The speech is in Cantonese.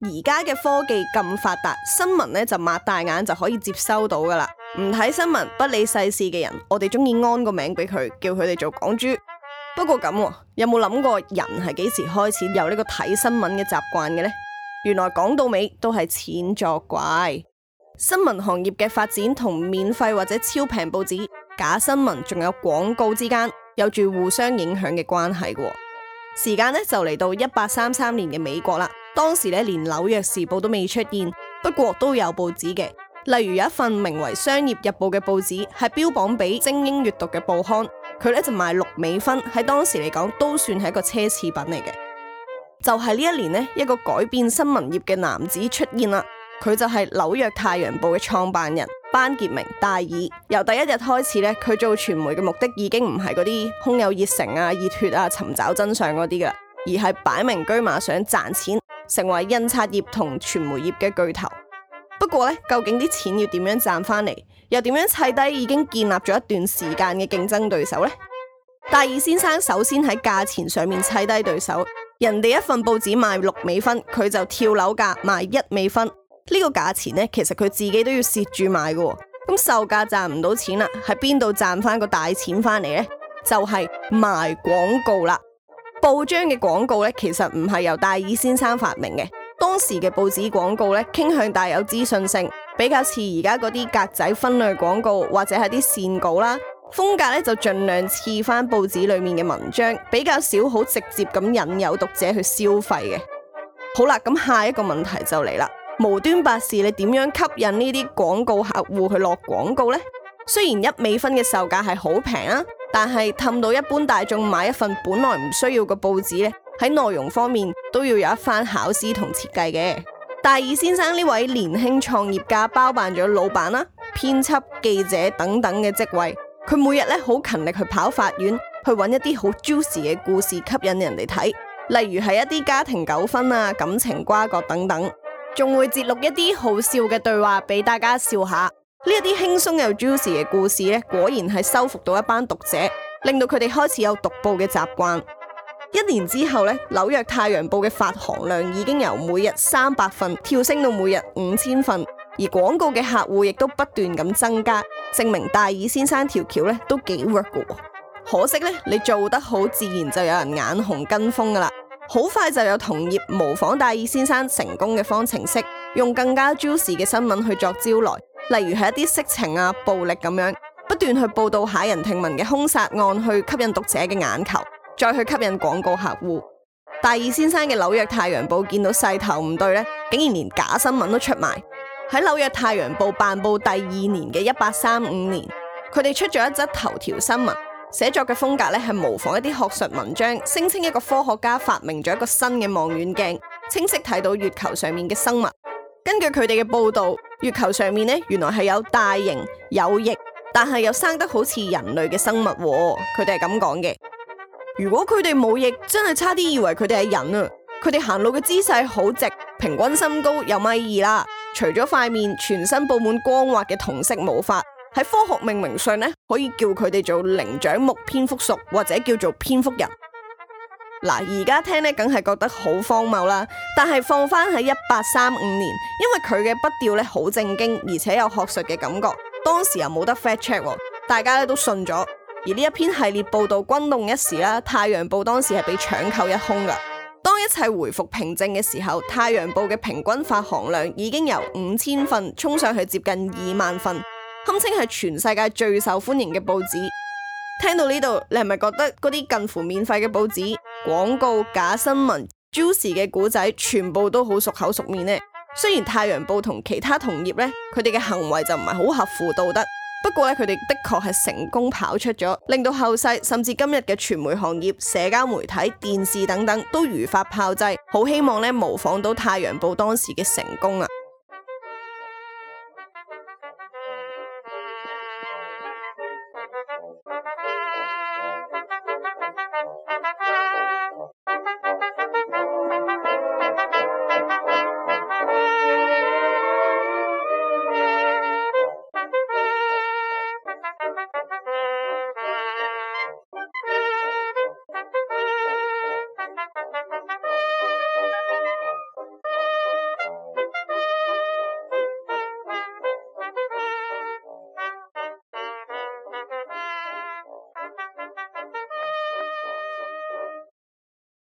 而家嘅科技咁發達，新聞咧就擘大眼就可以接收到噶啦。唔睇新聞、不理世事嘅人，我哋中意安個名俾佢，叫佢哋做「港豬」。不過咁有冇諗過，人係幾時開始有呢個睇新聞嘅習慣嘅呢？原來講到尾都係錢作怪。新聞行業嘅發展同免費或者超平報紙、假新聞仲有廣告之間有住互相影響嘅關係。時間呢，就嚟到一八三三年嘅美國啦。當時咧連紐約時報都未出現，不過都有報紙嘅，例如有一份名為《商業日報》嘅報紙，係標榜俾精英閱讀嘅報刊，佢咧就賣六美分，喺當時嚟講都算係一個奢侈品嚟嘅。就係呢一年咧，一個改變新聞業嘅男子出現啦，佢就係紐約太陽報嘅創辦人班傑明戴爾。由第一日開始咧，佢做傳媒嘅目的已經唔係嗰啲空有熱誠啊、熱血啊、尋找真相嗰啲噶，而係擺明車馬想賺錢。成為印刷業同傳媒業嘅巨頭。不過呢，究竟啲錢要點樣賺翻嚟，又點樣砌低已經建立咗一段時間嘅競爭對手呢？戴爾先生首先喺價錢上面砌低對手，人哋一份報紙賣六美分，佢就跳樓價賣一美分。呢、這個價錢呢，其實佢自己都要蝕住賣嘅。咁售價賺唔到錢啦，喺邊度賺翻個大錢翻嚟呢？就係、是、賣廣告啦。報章嘅廣告咧，其實唔係由戴爾先生發明嘅。當時嘅報紙廣告咧，傾向帶有資訊性，比較似而家嗰啲格仔分類廣告或者係啲線稿啦，風格咧就盡量似翻報紙裏面嘅文章，比較少好直接咁引誘讀者去消費嘅。好啦，咁下一個問題就嚟啦，無端白事你點樣吸引呢啲廣告客戶去落廣告呢？雖然一美分嘅售價係好平啊。但係氹到一般大眾買一份本來唔需要嘅報紙咧，喺內容方面都要有一番構思同設計嘅。大耳先生呢位年輕創業家包辦咗老闆啦、編輯、記者等等嘅職位。佢每日咧好勤力去跑法院，去揾一啲好 juicy 嘅故事吸引人哋睇，例如係一啲家庭糾紛啊、感情瓜葛等等，仲會截錄一啲好笑嘅對話俾大家笑下。呢一啲輕鬆又 juicy 嘅故事咧，果然係收服到一班讀者，令到佢哋開始有讀報嘅習慣。一年之後咧，紐約太陽報嘅發行量已經由每日三百份跳升到每日五千份，而廣告嘅客戶亦都不斷咁增加，證明戴爾先生條橋咧都幾 work 嘅。可惜咧，你做得好，自然就有人眼紅跟風噶啦。好快就有同業模仿戴爾先生成功嘅方程式，用更加 juicy 嘅新聞去作招來。例如係一啲色情啊、暴力咁樣，不斷去報道駭人聽聞嘅兇殺案去吸引讀者嘅眼球，再去吸引廣告客戶。大二先生嘅紐約太陽報見到勢頭唔對咧，竟然連假新聞都出埋。喺紐約太陽報辦報第二年嘅一八三五年，佢哋出咗一則頭條新聞，寫作嘅風格咧係模仿一啲學術文章，聲稱一個科學家發明咗一個新嘅望遠鏡，清晰睇到月球上面嘅生物。根據佢哋嘅報道。月球上面呢，原來係有大型有翼，但係又生得好似人類嘅生物，佢哋係咁講嘅。如果佢哋冇翼，真係差啲以為佢哋係人啊！佢哋行路嘅姿勢好直，平均身高有米二啦。除咗塊面，全身布滿光滑嘅銅色毛髮，喺科學命名上呢，可以叫佢哋做靈長目蝙蝠屬，或者叫做蝙蝠人。嗱，而家聽咧，梗係覺得好荒謬啦。但係放翻喺一八三五年，因為佢嘅筆調咧好正經，而且有學術嘅感覺，當時又冇得 fact check，大家咧都信咗。而呢一篇系列報道，轟動一時啦。《太陽報》當時係被搶購一空噶。當一切回復平靜嘅時候，《太陽報》嘅平均發行量已經由五千份衝上去接近二萬份，堪稱係全世界最受歡迎嘅報紙。聽到呢度，你係咪覺得嗰啲近乎免費嘅報紙？廣告、假新聞、Jus 嘅故仔，全部都好熟口熟面呢，雖然太陽報同其他同業呢，佢哋嘅行為就唔係好合乎道德，不過呢，佢哋的確係成功跑出咗，令到後世甚至今日嘅傳媒行業、社交媒體、電視等等都如法炮製，好希望呢，模仿到太陽報當時嘅成功啊！